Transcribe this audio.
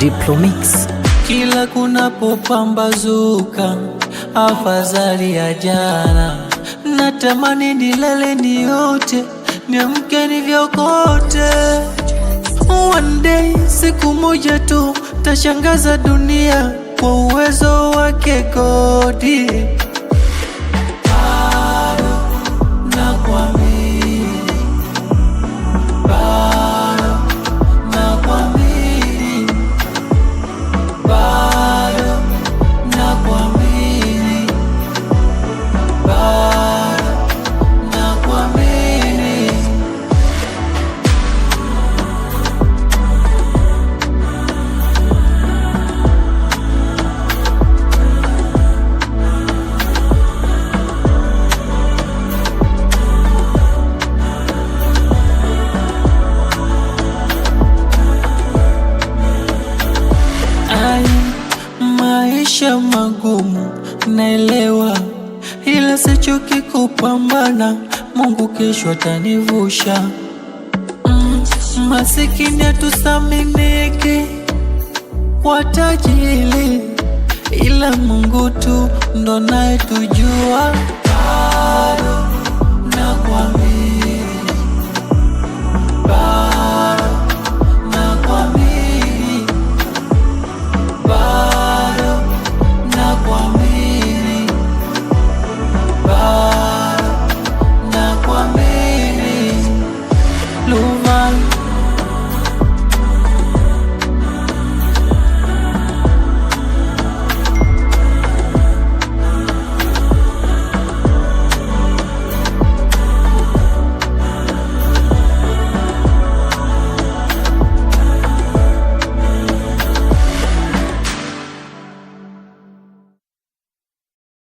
Diplomix. Kila kunapopambazuka afadhali ya jana, natamani nilale niote, niamke nivyokote. One day, siku moja tu tashangaza dunia kwa uwezo wake Godi. maisha magumu naelewa, ila sichoki kupambana, Mungu kesho atanivusha. Mm, masikini hatusaminiki kwa tajili ila Mungu tu ndo naye tujua. Bado nakwambia